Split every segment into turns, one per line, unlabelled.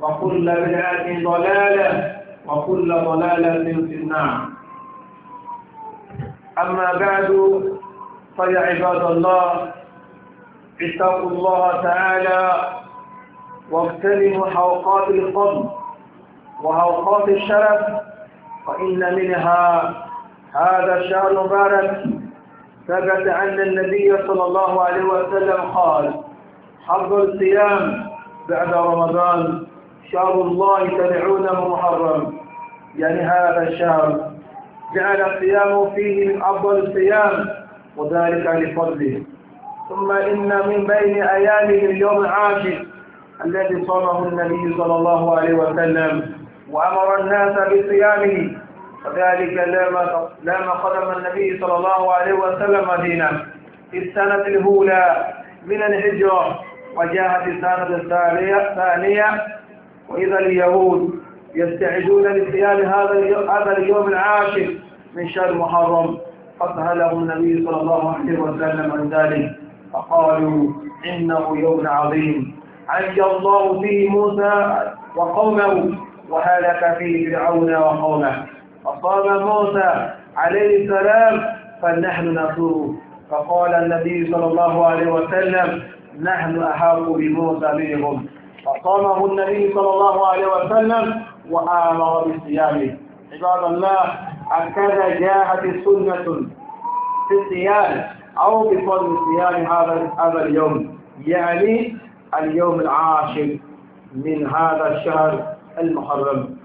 وكل بدعة ضلالة وكل ضلالة في النار أما بعد فيا عباد الله اتقوا الله تعالى واغتنموا حوقات الفضل وحوقات الشرف فإن منها هذا الشهر المبارك ثبت أن النبي صلى الله عليه وسلم قال حظ الصيام بعد رمضان شهر الله تدعونه محرم يعني هذا الشهر جعل الصيام فيه من أفضل الصيام وذلك لفضله ثم إن من بين أيامه اليوم العاشر الذي صامه النبي صلى الله عليه وسلم وأمر الناس بصيامه وذلك لما لما قدم النبي صلى الله عليه وسلم مدينة في السنة الأولى من الهجرة وجاء في السنة الثانية وإذا اليهود يستعدون لقيام هذا هذا اليوم العاشر من شهر محرم فسألهم النبي صلى الله عليه وسلم عن ذلك فقالوا إنه يوم عظيم عجي الله فيه موسى وقومه وهلك فيه فرعون وقومه فقام موسى عليه السلام فنحن نصوره فقال النبي صلى الله عليه وسلم نحن أحاق بموسى منهم فصامه النبي صلى الله عليه وسلم وآمر بصيامه عباد الله هكذا جاءت السنة في الصيام أو بفضل صيام هذا هذا اليوم يعني اليوم العاشر من هذا الشهر المحرم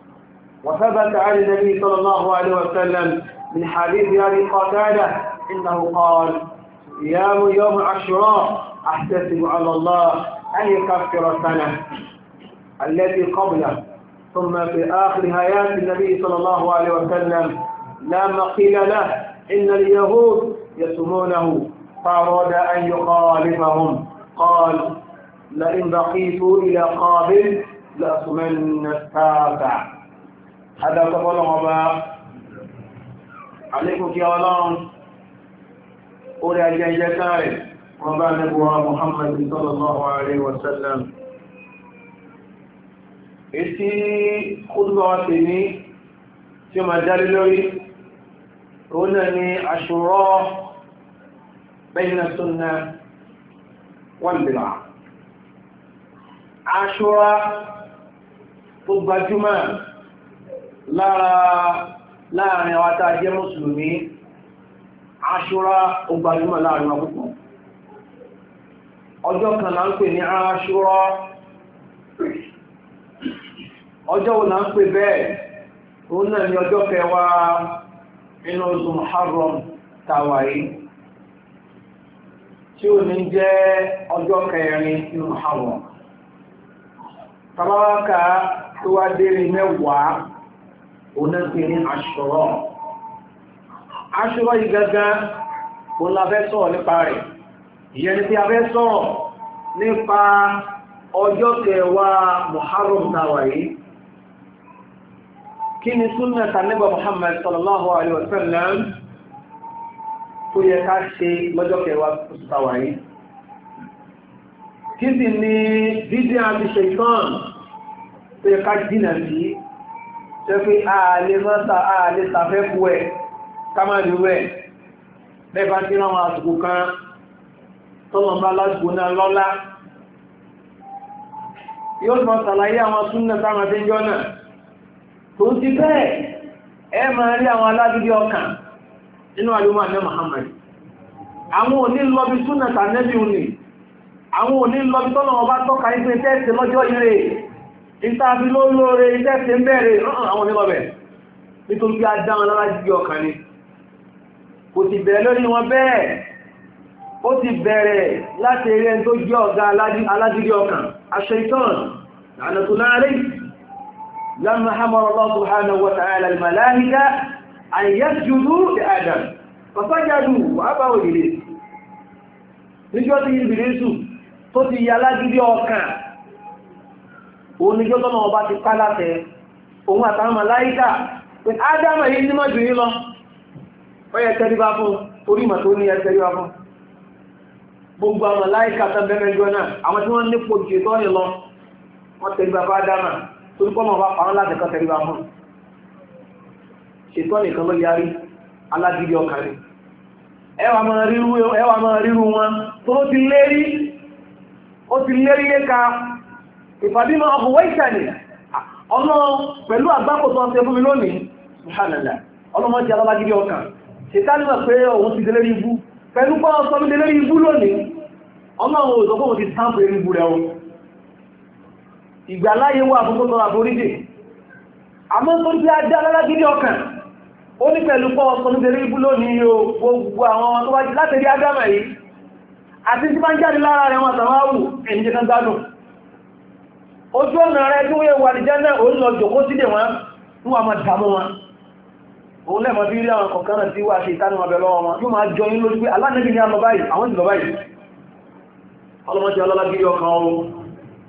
وثبت عن النبي صلى الله عليه وسلم من حديث أبي قتادة إنه قال صيام يوم عاشوراء أحتسب على الله أن يكفر سنة التي قبله ثم في آخر حياة النبي صلى الله عليه وسلم لما قيل له إن اليهود يسمونه فأراد أن يخالفهم قال لئن بقيت إلى قابل لأسمن السابع هذا تقول غباء عليكم يا الله أولى جيجتان وبعد محمد صلى الله عليه وسلم ètí kúrúbà wa ti ní tí ó máa dárí lórí òun náà ni àṣùrọ̀ bayna sunna wal bid'ah àṣùrọ̀ tó gbajúmọ̀ lára láàrin àwọn tá jẹ́ mùsùlùmí àṣùrọ̀ ó gbajúmọ̀ láàrin wa ọjọ́ kan là ní àṣùrọ̀ ọjọ́ wo náà pè bẹ́ẹ̀ òun náà ni ọjọ́ kẹwàá inú tí ó ní jẹ́ ọjọ́ kẹrin inú Muharram tàbáwákà tó wá mẹ́wàá òun náà pè ní yìí gángan òun kí ni súnà tànẹ́bà Muhammad sallallahu alaihi wasallam tó yẹ ká ṣe lọ́jọ́ kẹwàá oṣù táwà yìí kí sì ni dídí àti ṣèkán tó yẹ ká dínà sí ṣe pé ààlè mọ́ta ààlè tàfẹ́kù ẹ̀ kámàlú ẹ̀ bẹ́ẹ̀bá tí wọ́n máa sùkú kan tọ́lọ̀ bá lásìkò lọ́lá yóò mọ́ sàlàyé àwọn súnà táwọn àtẹ́jọ́ náà tó ti bẹ́ẹ̀ ẹ máa rí àwọn alágídí ọkàn nínú àlúmọ̀ àmì Muhammad àwọn òní lọ́bí súnà tànẹ́bí òní àwọn òní lọ́bí tọ́nà ọba tọ́ka ìpín tẹ́ẹ̀sì lọ́jọ́ ire ìtàbí ló tẹ́ẹ̀sì bẹ̀rẹ̀ àwọn onílọ́bẹ̀ nítorí a ni ti لما أمر الله سبحانه وتعالى الملائكة أن يسجدوا لآدم فسجدوا وأبوا إبليس níjọ́ tí ìbìlísù tó ti yà lágídí ọkàn òun níjọ́ tọ́nà ọba ti ká látẹ òun àtàwọn màláíkà pé ádámà yìí ní mọ́jú gbogbo àwọn torí kọ́ náà bá parọ́ láti kan tẹ̀lé bá mọ́ ṣètò nìkan ló yarí alágídí ọkàn rẹ̀ ẹwà máa ríru wọn tó ló ti lérí ó ti lérí léka ìpàdé máa ọkùnwé ìṣàlẹ̀ ọ̀nà pẹ̀lú àgbákòtò ọ̀sẹ̀ fún mi lónìí ṣùhánàlá ọlọ́mọ ti alábágídí ọkàn ṣètàlì mọ̀ pé òun ti délérí ibú pẹ̀lú pọ́ ọ̀sọ́ mi délérí ibú lónìí ọlọ́run òṣòkòwò ti sáàpù erí ibú rẹ̀ ìgbàláyé wà fún tọ́lọ àforíjì àmọ́ tó jẹ́ ajá lálágídí ọkàn ó ní pẹ̀lú pọ́wọ́ sọ nítorí ibú lónìí yóò gbogbo àwọn ọmọ tó wájú láti rí ádámà yìí àti tí máa ń jáde lára rẹ̀ wọn àtàwọn àwù ẹ̀yìn jẹ́ gbádùn ojú ọ̀nà rẹ̀ tí wọ́n wà ní jẹ́ náà òun lọ jòkó sídè wọn fún àmọ́ dàmú wọn òun lẹ́mọ̀ bí rí àwọn kọ̀ọ̀kan náà tí wà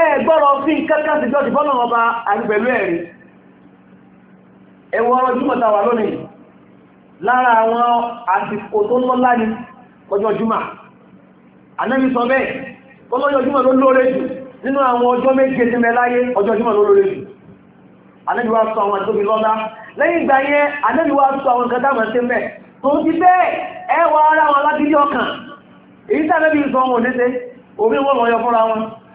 ẹ gbọ́rọ̀ sí kankan sí jọ́sì fọ́nà ọba àgbẹ̀lú ẹ̀rí ẹwọ ọrọ̀ jùmọ̀ tàwà lónìí lára àwọn àsìkò tó lọ́lá ní ọjọ́ jùmọ̀ Ànábì sọ bẹ́ẹ̀ ọlọ́jọ́ jùmọ̀ ló lóore jù nínú àwọn ọjọ́ méje tí mẹ́ láyé ọjọ́ jùmọ̀ ló lóore jù Ànábì wá sọ àwọn àtóbi lọ́lá lẹ́yìn ìgbà yẹn Ànábì wá sọ àwọn nǹkan táwọn ṣe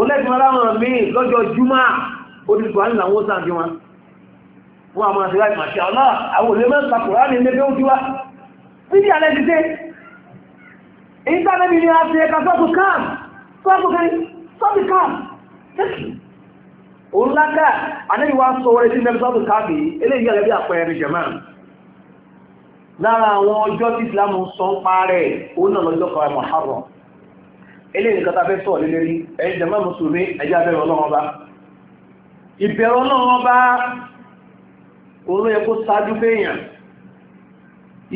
olẹ́gbẹ̀ẹ́ aláwọn míì lọ́jọ́ júmọ́ odùkọ̀ ní àwọn sáà bí wọn wọ́n a máa ti láì màṣẹ́ ọ̀nà àwọn olè mẹ́ta kùrá ní ilé ó díwá bíbí alẹ́ ti dé èyí tá lẹ́bi ni a ti ẹka sọ́ọ̀tù kan sọ́ọ̀tù kan sọ́ọ̀tù kan òun lákà àlẹ́yìn wa sọ wọlé sí mẹ́rin sọ́ọ̀tù káàbì eléyìí alẹ́ bí àpẹẹrẹ jẹ̀mọ́ lára àwọn ọjọ́ tí Islam sọ ń parẹ́ òun náà lọ́jọ́ kan Muharram eléyìí nǹkan tá a fẹ́ sọ̀rọ̀ lé lérí ẹ̀yin jẹ̀mọ́ mùsùlùmí ẹ̀jẹ̀ abẹ́rẹ́ ọlọ́run ọba ìbẹ̀rù ọlọ́run ọba òun yẹ kó ṣáájú fẹ́yàn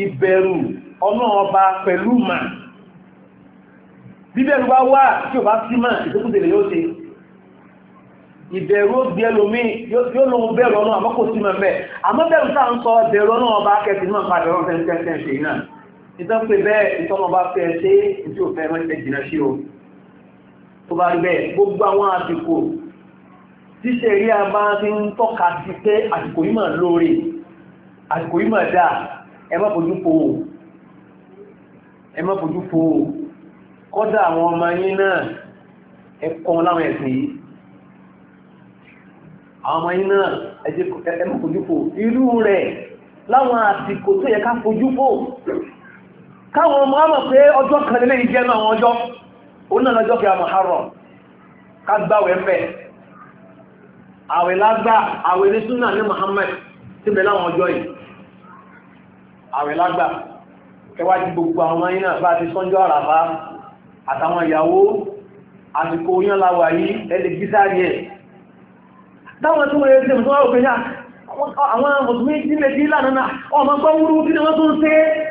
ìbẹ̀rù ọlọ́run ọba pẹ̀lú mà bíbẹ̀rù bá wà tí ò bá sí mà ìdókòtèlè yóò ṣe ìbẹ̀rù òbí ẹlòmí yóò lóun bẹ̀rù ọlọ́run àmọ́ kò sí mà mẹ́ àmọ́ bẹ̀rù sáà ń sọ bẹ̀rù ọlọ́run ọba kẹsì náà padà ọ̀rọ̀ fẹ́ńtẹ́ńtẹ́ náà ìtọ́pẹ́ bẹ́ẹ̀ ìtọ́mọ bá fẹ́ ṣe ìtí ò fẹ́ mọ́ṣẹ́ jìnà sí o tó bá rí bẹ́ẹ̀ gbogbo àwọn àsìkò ṣíṣe rí a máa ti ń tọ́ka sí pé àsìkò yìí mà lóore àsìkò yìí mà dáa ẹ má fojú fo o ẹ má fojú fo o kọ́dà àwọn ọmọ yín náà ẹ kọ́ láwọn ẹ̀sìn yìí àwọn ọmọ yín náà ẹ má fojú fo irú rẹ̀ láwọn àsìkò tó yẹ ká fojú fo káwọn ọmọ ọmọ pé ọjọ́ kan nílé ìjẹ́ náà wọn ọjọ́ òun náà lọ́jọ́ kí a Muharram ká gbáwẹ̀ ń bẹ̀ àwẹ̀ súnà ní Muhammad tí bẹ̀ láwọn ọjọ́ yìí àwẹ̀ lágbà kẹwàájú gbogbo àwọn ọmọ yìí náà bá ti sọ́njọ́ àràbá àtàwọn ìyàwó àsìkò yán láwà yìí ẹlẹ́ gísáàrí ẹ̀ dáwọn tí wọ́n yẹ sí ah, ọmọ tó wá òpin náà àwọn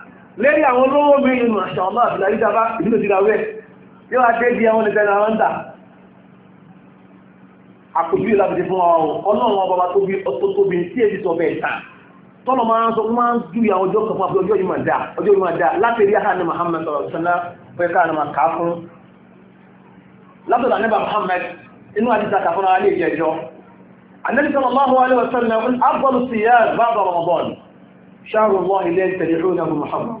lẹ́rí àwọn olówó mi inú àṣà ọmọ àbìlà yìí ìlú ti dáwẹ́ yóò wá dé àwọn ìfẹ́ náà ń àkójú yìí fún wa ọlọ́run ọba tóbi tí èyí sọ bẹ́ẹ̀ máa ń sọ máa ń àwọn ọjọ́ kan fún ọjọ́ láti rí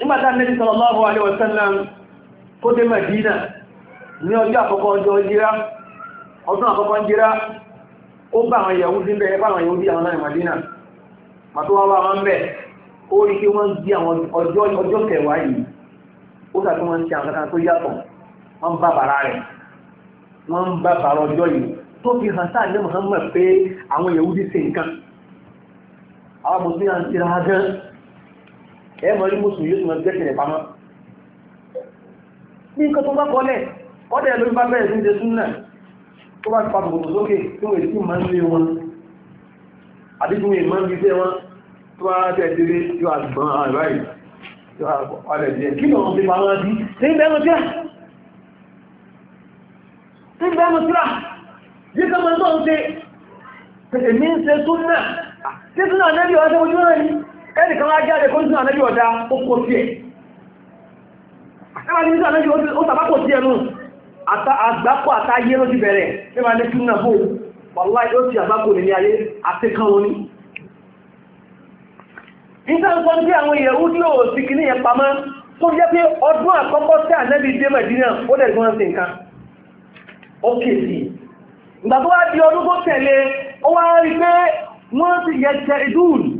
nígbàtà nẹ́bí sallallahu alaihi wasallam kó dé Madina ní ọjọ́ àkọ́kọ́ ọjọ́ jíra ọdún àkọ́kọ́ jíra ó bá àwọn Yahudi bẹ́ẹ̀ bá àwọn Yahudi àwọn láì Madina màtó wá wá ń bẹ̀ ó àwọn wọn àwọn mùsùlùmí ẹ mọ̀ ní mùsùlùmí yóò tún mọ̀ gẹ́sẹ̀ rẹ̀ pamọ́ ní nǹkan tó bá kọ́lẹ̀ kọ́dẹ̀ ló bá bẹ̀rẹ̀ sí ṣe súnà tó bá pa bòbò sókè tí wọ́n èsì máa ń lé wọn àbí tí wọ́n máa ń gbígbé wọn tó bá tẹ̀ délé yóò àgbọn àìbáyì ah, yóò àpọ̀lẹ̀ díẹ̀ kí lọ́wọ́ fi pamọ́ sí ṣe ń bẹ́ẹ̀ mọ́ síra ṣe ń bẹ́ẹ̀ mọ́ síra yìí kan máa ń tọ́ ń ṣe èmi ń ṣe súnà ṣé súnà nẹ́bí ọ̀ṣẹ́ ojú náà yìí ẹnìkan wá jáde kó sínú ànábì ọ̀dá ó sí ẹ̀ ẹwà ní sínú ànábì ó sàbápò sí ẹnu àgbákò àtayé ló ti bẹ̀rẹ̀ ní ní kí náà bò wàlá ó ti àgbákò ní ayé àti kan ló ní nítorí àwọn ìyẹ̀wú tí ó sì kì ní pamọ́ tó jẹ́ pé ọdún àkọ́kọ́ sí dé mẹ̀dínà ó dẹ̀ gbọ́n sí nǹkan ó ìgbà tó wá di ọdún tó tẹ̀lé ó wá rí pé wọ́n ti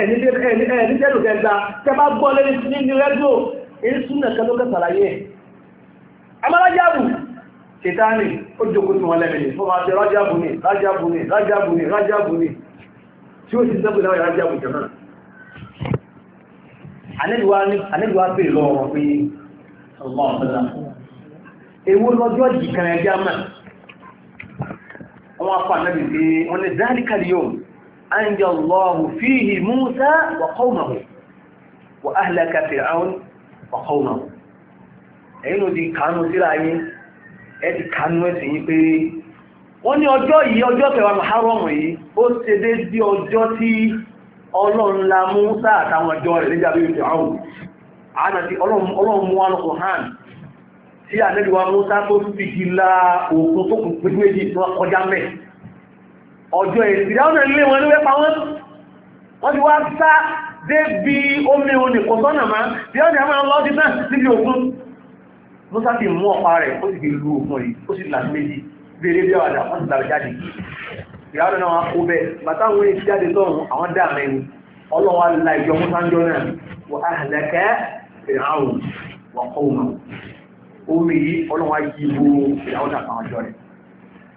ẹ̀ẹ́dẹ́gbẹ̀rún kẹta tẹ́ bá gbọ́ lórí nínú rẹ́díò èyí súnà kan ló kẹsàlá yẹ àmọ́ rájáàbù ṣètáàní ó jókòó tí wọ́n lẹ́mìnì fún wa ṣe rájáàbù ni rájáàbù ni rájáàbù ni rájáàbù ni tí ó ti sẹ́kù náà rájáàbù jẹ́ náà anẹ́gbẹ̀wá pè lọ ọ̀rọ̀ pé ọlọ́ ọ̀sẹ̀lá ewu lọ́jọ́ jì kan ẹgbẹ́ àmà wọ́n apá náà bìí wọ́n lè dáríkàlì yóò أنجى الله فيه موسى وقومه وأهلك فرعون وقومه ẹ̀yìnú ti kàánú síra yín ẹ ti ẹ̀sìn yín pé wọ́n ní ọjọ́ yìí ọjọ́ kẹwàá mahárọ̀mù yìí ó ṣe dé bí ọjọ́ tí ọlọ́run la Mùsá ọjọ́ rẹ̀ bí ọjọ́ ìsìdá ilé wọn ní wẹ́pa wọn wọ́n ti wá sá dé bí omi òní kò sọ́nà máa bí ọ̀nà àmà lọ́dí náà síbi òkun musa ti mú rẹ, rẹ̀ ó sì lu yìí ó sì méjì bí ọ̀dà wọ́n ti dàrú jáde ìyá náà kó bẹ́ẹ̀ bàtà wọn jáde sọ́run àwọn dá mẹ́rin ọlọ́wà la ìjọ náà wọ́n á lẹ́kẹ́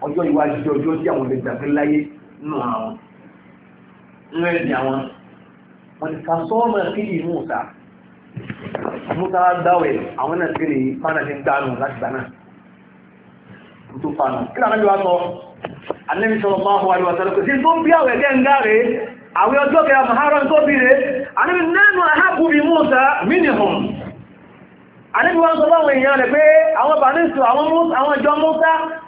ọjọ́ iwájú ọjọ́ tí àwọn olè gbàgbé láyé nù àwọn ńlẹ̀ ní àwọn wọ́n ti ka sọ́ọ̀mọ̀ sí ìlú ọ̀tá múta dáwẹ̀ àwọn náà ti rí fánà ní dánù láti dáná tó fánà kí lànà yóò sọ anẹ́bí sọ̀rọ̀ máa hùwà lọ́wọ́ sọ́rọ̀ kò sí tó ń bí àwẹ̀ gẹ́ ń gáre àwẹ̀ ọjọ́ kẹra maharan tó bí rẹ̀ anẹ́bí nẹ́nu ahábù bí múta minimum anẹ́bí wọ́n sọ báwọn èèyàn rẹ̀ pé àwọn bàníṣù àwọn ìjọ múta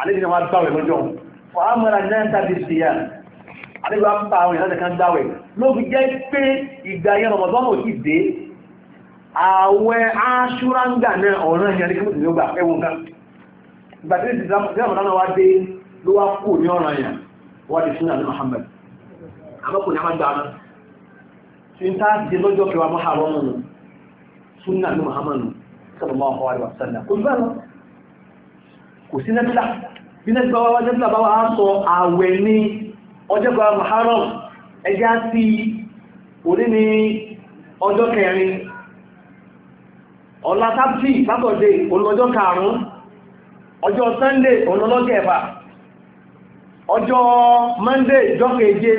àlejò wọn gbáwẹ̀ lọ́jọ́ wọn á mọ́ra náà tàbí sí yá àlejò wọn bá àwọn ìlànà kan gbáwẹ̀ ló fi jẹ́ pé ìgbà yẹn Ramadan ò ti dé àwẹ̀ aṣúráńgà náà ọ̀ràn yẹn ní kí mùsùlùmí gbà ẹwọ nǹkan ìgbà tí ìsìn Ramadan náà wá dé ló wá kú ní ọ̀ràn yẹn wá di sunnah ní Muhammad àmọ́kùnrin àwọn gbà náà tí ń táà di lọ́jọ́ kẹwàá mọ́ àwọn ọmọ sunnah ní Muhammad sallallahu alaihi wasallam kò kò sí nẹ́bílà bí nẹ́bílà wá bá wá sọ àwẹ̀ ní ọjọ́gbà Muharram ẹjá sí ọjọ́ kẹrin ọ̀la sábtì sátọ̀dé olùlọ́jọ́ karùn-ún ọjọ́ Sunday ọjọ́ Monday jọ́keje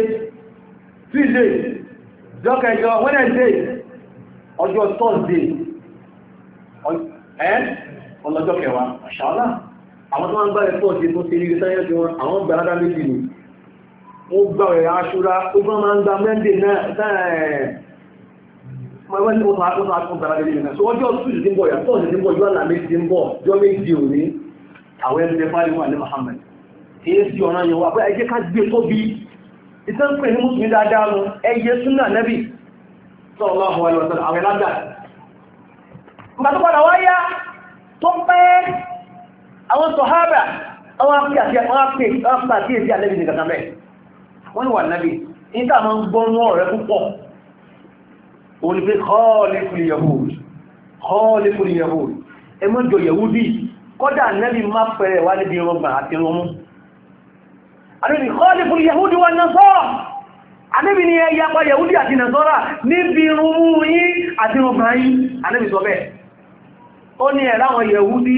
Tuesday Wednesday ọjọ́ Thursday ọlọ́jọ́ àwọn tó máa ń gbá ẹ̀kọ́ ti fún sí ilé sáyẹ́ tí wọ́n àwọn gbà ládá méjì ni ó gbà rẹ̀ aṣúra ó gbọ́n máa ń gba mẹ́ndé náà wọ́n ní wọ́n máa tó máa tún gbà ládá méjì náà so ọjọ́ tuntun ti ń bọ̀ yàtọ̀ ti ń bọ̀ yọ́ àlàmé ti ń bọ̀ yọ́ méjì òní àwọn ẹni tẹ fáyé wà ní Muhammad èyí sí ọ̀nà yẹn wà pé ẹ jẹ́ ká gbé tóbi ìtàn pè ní mùsùlùmí dáadáa nu ẹ yẹ súnà nẹ́bì sọ̀rọ̀ àwọn ẹlọ́sọ̀rọ̀ àwọn ẹlágbà. ìgbà tó padà wáyá tó pẹ́ àwọn sọ̀hábà àwọn àkíyèsí àlẹ́bì ní kàkàmẹ́ wọ́n ni wà náàbì níta ma ń gbọ́nú ọ̀rẹ́ púpọ̀ òun ni pé kọ́ọ̀lẹ́kùnrin yahoo ẹmọ́jọ yahudi kọ́dà náàbì má pẹ̀rẹ̀ wá níbi rọgbà àti rọmú àdébì kọ́ọ̀lẹ́kùnrin yahudi wà náà sọ́ọ̀ àdébì ni ẹyà pa yahudi àti nàṣọ́rà níbi rọmú yí àti rọgbà yí àdébì sọ bẹ́ẹ̀ ó ní ẹ̀ráwọn yahudi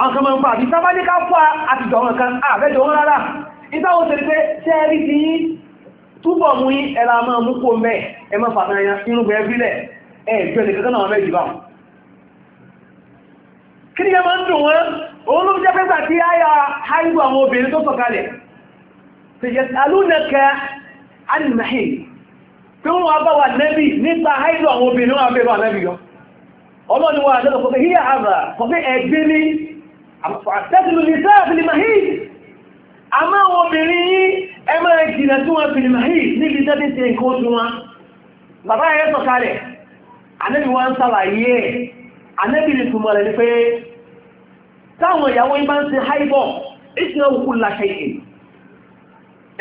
àwọn kan máa ń fa àbí sábà ní ká fà àtijọ́ wọn kan àbẹ́jọ wọn rárá ìtàwọn òṣèré pé ṣẹ́ẹ̀rí ti yín túbọ̀ mú yín ẹ̀la máa mú kó mẹ́ ẹ má fàtàyà irúgbẹ̀ ẹbílẹ̀ ẹ̀ẹ̀jọ́ ilẹ̀ kankan náà mẹ́jì bá kí ni ẹ máa ń dùn wọ́n òun ló jẹ́ pẹ́sà tí a yà haihu àwọn obìnrin tó sọ̀kalẹ̀ tí yẹ alúnẹ̀kẹ́ alìmọ̀hìn tí wọ́n bá wà nẹ́bì nípa haihu àwọn obìnrin wọn bẹ̀rẹ̀ nẹ́bì yọ ọlọ́ni wọn àjẹ́ àtẹ́sìlú ní sáà fi lè máa hìí a máa wọn obìnrin yí ẹ máa jìnà tí wọ́n fi lè máa hìí níbi tẹ́bí ti nǹkan oṣù wọn bàbá ẹ̀ sọ̀kalẹ̀ anẹ́bí wọn sàlàyé ẹ̀ anẹ́bí lè túnmọ̀ rẹ̀ ni pé táwọn ìyàwó yí bá ń ṣe háìbọ̀ ìsìnáwó kú làṣẹ yìí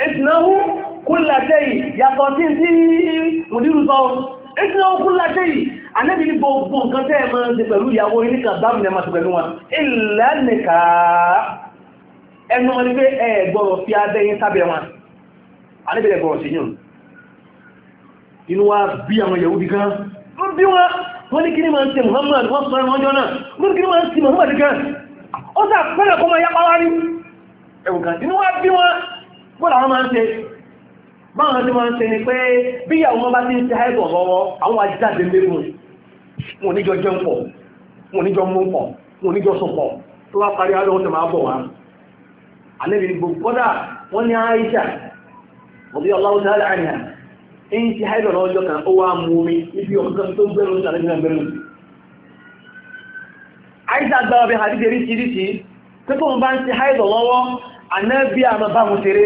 ìsìnáwó kú làṣẹ yìí yàtọ̀ tí ń tí mùdírù sọ́ọ̀ ẹ̀sìn ọkùn láti yìí anẹ́bí ní gbogbo nǹkan tẹ́ ẹ̀mọ́ ti pẹ̀lú ìyàwó ilé kan bá mìíràn ti pẹ̀lú wọn ilẹ̀ nìka ẹnu wọn ni pé ẹ gbọ́rọ̀ fi abẹ́yìn sábẹ́ wọn anẹ́bí rẹ̀ gbọ́rọ̀ sí yùn inú wa bí àwọn yahudi gan wọ́n bí wọn wọ́n ní kí ni máa ń ṣe Muhammad wọ́n sọ ẹran ọjọ́ náà wọ́n ní kí máa ń ṣe Muhammad gan ó sà fẹ́rẹ̀ kọ́ máa yá pàwárí ẹ̀wùn kan inú wa bí wọn wọ́n làwọn máa ń ṣe báwọn tí wọ́n ń ṣe ni pé bí ìyàwó wọn bá ti ń ṣe àìbọ̀ lọ́wọ́ àwọn ajáde lébùn wọn níjọ jẹun pọ̀ wọn níjọ mú pọ̀ wọn níjọ sùn pọ̀ tó bá parí alẹ́ wọn ti máa bọ̀ wá àlẹ́bí gbogbo kọ́dà wọ́n ní Aisha ọ̀bí ọláwọ́ tí aláàrin à ń ti àìbọ̀ lọ́jọ́ kan ó wá mú omi ibi ọ̀kan tó gbẹ̀rù sàrẹ́gbẹ̀rù Aisha gbára bí hadith eríṣiríṣi pé tóun bá ń ti àìbọ̀ lọ́wọ́ àná bí àmọ́ bá mu ṣeré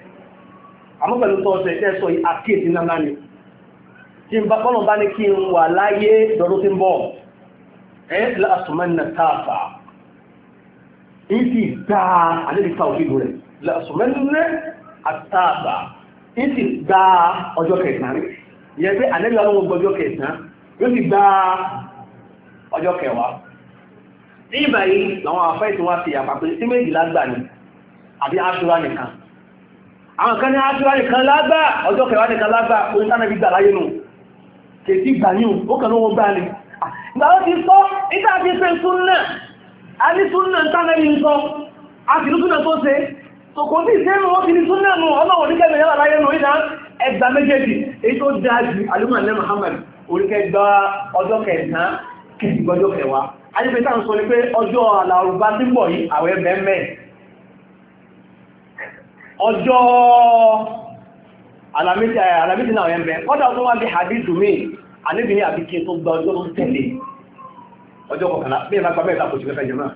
àmọ́ pẹ̀lú tọ́ ọ̀sẹ̀ tẹ́ sọ àkíyèsí náà ni tí n bá bọ́lọ̀ bá ní kí n wà láyé dọ̀dọ̀ tí ń bọ̀ ẹ́ lásùmẹ́nà tààfà ń sì dá àlébìkà òṣèlú rẹ̀ lásùmẹ́nà àtààfà ń sì dá ọjọ́ kẹsàn-án yẹn pé àlébìkà ló ń gbọ́ ọjọ́ kẹsàn-án yóò sì dá àbí aṣọra nìkan àwọn kan ní ájúwá nìkan lágbà ọjọ́ kẹwàá nìkan lágbà orí tánàbí gbà láyé nù kèsí ìgbà ní o kàn lówó gbà ní ìgbà ti sọ ìta fi ṣe súnnà a ní súnnà tánàbí ń sọ a sì ní súnnà tó ṣe tó kò sí ìṣẹ́ mọ́ fi ní súnnà nù ìdá ẹgbà méjèèjì ọjọ́ alamisi eh, náà ẹ̀mẹ́ ọ́dá tó wá bí hadithu mi àníbi ní àbíkí tó gba ọjọ́ tó tẹ̀lé ọjọ́ kọkànlá bí i lágbàmẹ́ ìtàkù sí fẹ́fẹ́ jẹmọ́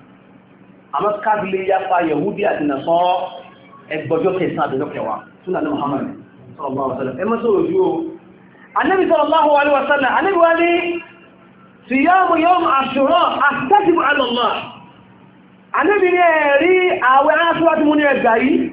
àmọ́ káàkiri yapa yahudi àti nasọ́rọ́ ẹgbọ́jọ́ kẹsàn àdọ́jọ́ kẹwàá súnà ní muhammad sallallahu alaihi wasallam ẹ mọ́ sallallahu alaihi wasallam anabi wa ni siyamu ashura astajibu ala allah anabi ni ẹ̀rí àwẹ̀ aṣọ́wájú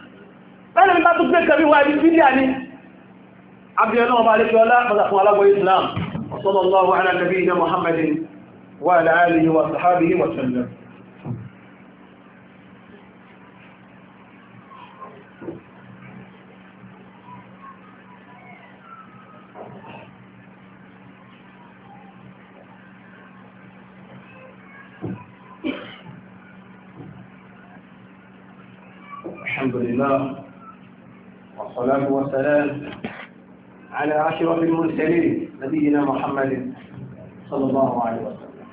bẹ́ẹ̀ni nípa tó gbé kẹbí wá ibi bídíà ni abiyanu ọba alẹ́kẹ́ ọlá mọ́ta fún aláwọ̀ islam ọ̀sọ́lọ́lọ́wọ́ ala nabiyina muhammadin wa ala alihi wa sahabihi wa على أشرف المرسلين نبينا محمد صلى الله عليه وسلم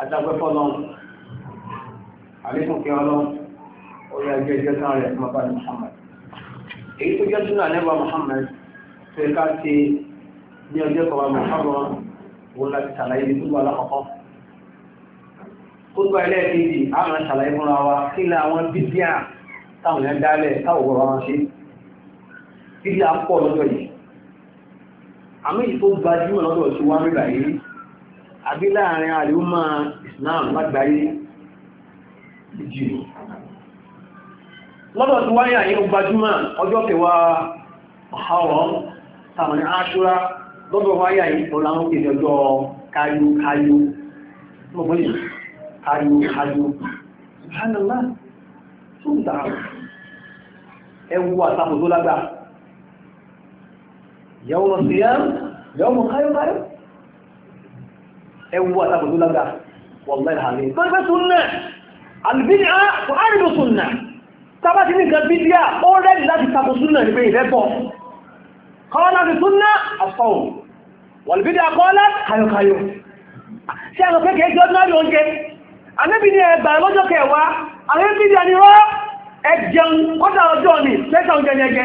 أتقف الله عليكم يا الله ويا جزاك الله مقال محمد إيه تجلسنا نبى محمد في كاتي نيوجيك ومحرم ولا تلاقي ولا خطأ kótó ẹlẹ́ẹ̀kejì àwọn ṣàlàyé fúnra wa kí ni àwọn bíbíà táwọn yẹn dálẹ̀ táwọn wọ́n ṣe títí à lọ́jọ́ yìí àmì tó gbajúmọ̀ lọ́dọ̀ tí wọ́n rí báyìí àbí láàrin àlùmọ́ Islam lágbàáyé jì lọ́dọ̀ tí wọ́n yà yìí gbajúmọ̀ ọjọ́ kẹwàá ọ̀hárọ̀ yàwó siyam yàwó káyọ̀káyọ̀ ẹ wú àtàkùn tó lágbà wọ́lá ìhàmì torí pé súnnà albini a kò árìbò súnnà tábà ti ní nǹkan bídíà ó rẹ́dì láti tako súnnà ní pé ìrẹ́bọ̀ kọ́lá ti súnnà àfọ́hùn wọ̀lbídíà kọ́lá káyọ̀káyọ̀ ṣe àwọn kéèkéé jọ náà yóò jẹ anẹ́bí ni ẹgbà lọ́jọ́ kẹwàá anẹ́bí ni ẹjẹun kọ́dà ọjọ́ ni tẹ́tà oúnjẹ ni ẹjẹ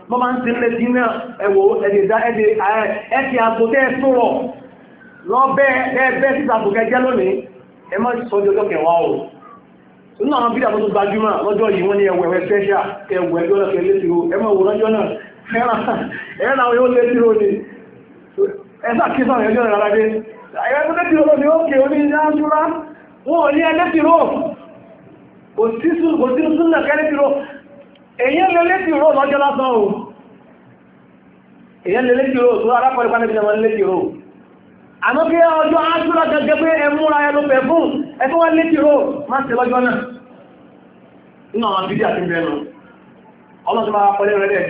mọ́ máa ń ti lè dín náà ẹ̀wọ̀ ẹ̀dẹ̀dá ẹ̀dẹ̀ ẹ̀kì àgbòtẹ́ sọ̀rọ̀ lọ́bẹ́ẹ̀ẹ́bẹ́ síta àgbòkẹ́ jẹ́ lónìí ẹ mọ́ sọ́jọ́jọ́ kẹwàá o nínú àwọn bídà tó gbajúmọ̀ lọ́jọ́ yìí wọ́n ní ẹwẹ̀ ẹwẹ̀ fẹ́ṣà ẹwẹ̀ ẹjọ́ náà kẹ́ létí o ẹ mọ̀ wò lọ́jọ́ náà ẹ̀ràn àwọn yóò létí o ni ẹ̀sà kí sọ̀rọ̀ ẹjọ́ rẹ̀ rárá dé ẹ̀rẹ́ tó létí o lọ́dún ó kè oní ìdájúra wọn ò ní ẹlẹ́tí o kò sí súnà kẹ́lẹ́tí o èyàn lè létí rò lọ́jọ́ lásán o èyàn lè létí rò tó arápọ̀lẹ́ pàdébí lè wọ́n létí rò àmọ́ kí ọjọ́ ájúlá gẹ́gẹ́ pé ẹmúra ẹlú pẹ̀fún ẹtí wọ́n létí rò má ṣe lọ́jọ́ náà nínú àwọn bídí àti bẹnu ọlọ́sọ́ bá pọ̀lẹ́ rẹ̀ dẹ̀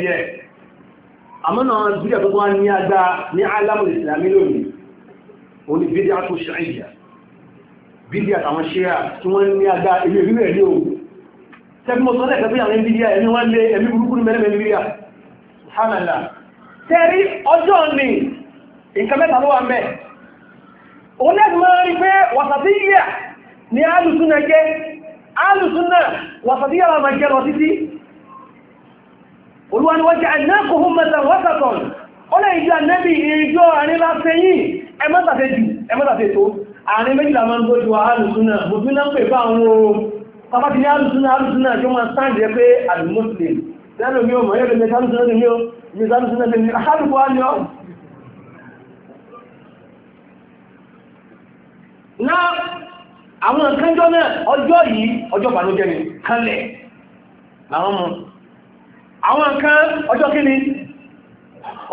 díẹ̀ àmọ́ tẹ́bí mo sọ́lẹ̀ kẹfẹ́ àwọn ẹ̀mí ẹ̀mí wọ́n lé ẹ̀mí burúkú ní mẹ́rin mẹ́rin ṣánàlá tẹ́rí ọjọ́ ní nǹkan mẹ́ta ló wà mẹ́ òun lẹ́gbẹ̀ mọ́ rí pé wàsàtíyà ni alùsúnà jẹ́ alùsúnà wàsàtíyà wà máa jẹ́ lọ títí olúwaniwọ́jẹ́ àìnákòhún mẹ́ta wọ́sàtọ̀n ó lè ìjọ ànẹ́bì ìjọ àrin láti yìí ẹmọ́tàfẹ́ jù ẹmọ́tàfẹ́ tó àrin méjìlá máa ń gbójú àálùsúnà mo fi náà pè bá àwọn ohun bàbá ti ní alùsùn náà alùsùn náà kí wọ́n sáàdì ẹ pé alùmùsùlùm lẹ́nu mi ò mọ̀ yẹ́lẹ̀ mẹ́ta alùsùn náà mi ò mẹ́ta alùsùn náà mi ò hálùkù wá ní ọ́ na àwọn kánjọ́ náà ọjọ́ yìí ọjọ́ bànújẹ́ ni kánlẹ̀ làwọn mọ̀ àwọn kan ọjọ́ kí ni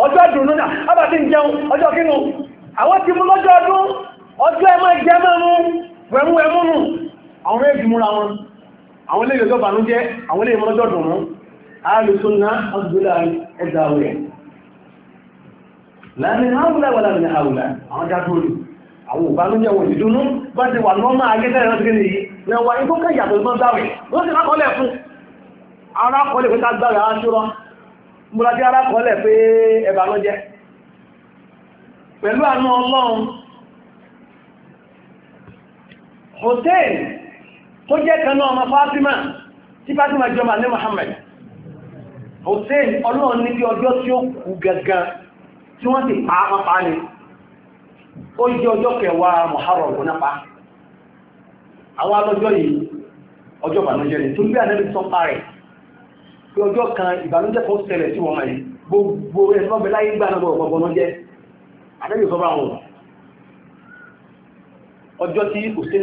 ọjọ́ dùnú náà abàtí ń jẹun ọjọ́ kí ni àwọn ti mú lọ́jọ́ ọdún ọjọ́ ẹmọ́ ìjẹ́mọ́ mú wẹ̀mú wẹ̀mú nù àwọn ẹgbìmúra wọn àwọn ilé ìjọ bànú jẹ́ àwọn ilé ìmọ́jọ́ dùnmú alùsùn náà ọdúnlá ẹgbà rẹ̀ láàrin àwùlá wà láàrin àwùlá àwọn jágbóòrì àwọn ìbànújẹ́ wọ̀n ìdúnú bá ti wà nọ́mà agẹ́gẹ́ ìrántí nìyí lẹ́wà ikú kẹ́yàtọ̀ ìbọn dáwẹ̀ ló sì rákọ́lẹ̀ fún arákọ́lẹ̀ pé tágbàrà aṣúrọ́ múra tí arákọ́lẹ̀ pé ẹ̀bànújẹ́ pẹ̀lú àánú ọlọ́run hòtẹ́ẹ̀lì tó jẹ́ kanú ọmọ Fátímà tí Fátímà jọmà ní Muhammad Hussein ọlọ́run níbi ọjọ́ tí ó kú gangan tí wọ́n ti pa pápá ni ó jẹ́ ọjọ́ kẹwàá Muharram ọjọ́ ọjọ kan tí gbogbo kò sí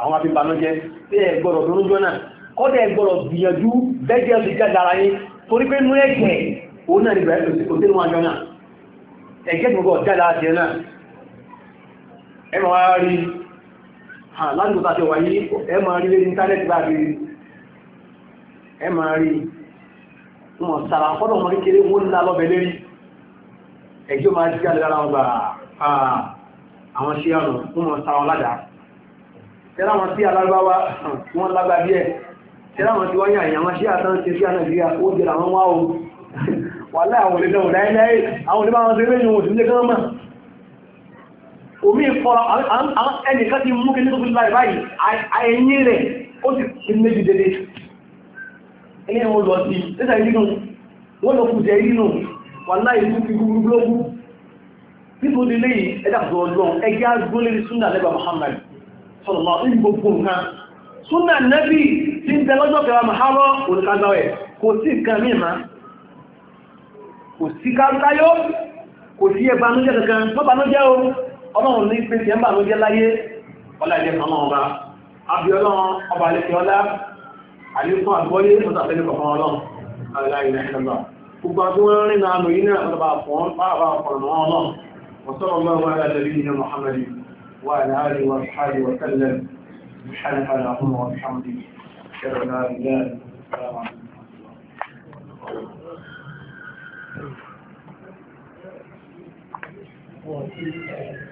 àwọn abìbanújẹ́ tí ẹ gbọ́dọ̀ lórúnjọ́ náà kọ́dẹ̀ ẹ gbọ́dọ̀ gbìyànjú bẹ́jẹ́ lè jáde ara yín torí pé nú ẹ̀jẹ̀ òun náà nígbà òdínú àjọ náà ẹ̀jẹ̀ tó gbọ́ jáde ara tiẹ̀ náà ẹ máa rí hàn láti tó tàṣẹ wáyé ẹ máa rí lórí íńtánẹ́ẹ̀tì bá rí ẹ máa rí wọn sàrà kọ́dọ̀ wọn kékeré wọn ńlá lọ́bẹ̀ lérí ẹ̀jẹ̀ máa jáde ara wọn gbà àwọn ṣe àrùn wọn tẹ́lá wọn sí alágbáwá wọn lágbà díẹ̀ tẹ́lá wọn tí wọ́n yàn yàn sí àtàn ti sí ànàìjíríà ó jẹ́ àwọn wá o wà láì àwọn olèdè òdá ilẹ̀ àwọn olèdè àwọn olèdè òdì ní kan mọ̀ omi fọ́ra ẹnìkan ti mú kí ní tó fi láì báyìí àyẹ̀yìn rẹ̀ ó sì ti méjì dédé ẹ̀yẹ́ wọn lọ sí tẹ́sà ìdínú wọ́n lọ kùjẹ ìdínú wà láì fún fi gbogbo gbogbo nítorí lẹ́yìn ẹ̀dà tó ọlọ́run ẹgbẹ́ agbólérí súnà lẹ́gbà Muhammad sọ̀rọ̀lọ́ ní gbogbo nǹkan súnà nẹ́bí tí ń tẹ lọ́jọ́ kẹwàá mahárọ́ olùkágbàwẹ̀ kò sí nǹkan mímá kò sí káńtáyó kò sí ẹbànújẹ́ kankan tó bànújẹ́ o ọlọ́run ní pé tiẹ̀ الله bànújẹ́ láyé ọlá ìjẹ́ kan náà ọba àbí ọlọ́run ọba àlẹ́kẹ́ ọlá àlékún àgbọ́yé mọ́tàfẹ́lẹ́ kọ̀ọ̀kan ọlọ́run aláìlẹ́ ẹ̀lọ́ gbogbo àti wọn rìn náà lòyìn náà ọlọ́ba àpọ̀ ọlọ́run wọ́n sọ̀rọ̀ mọ́ وعلى آله وأصحابه وسلم سبحانك على أمه أشهد أن لا إله إلا الله Thank you.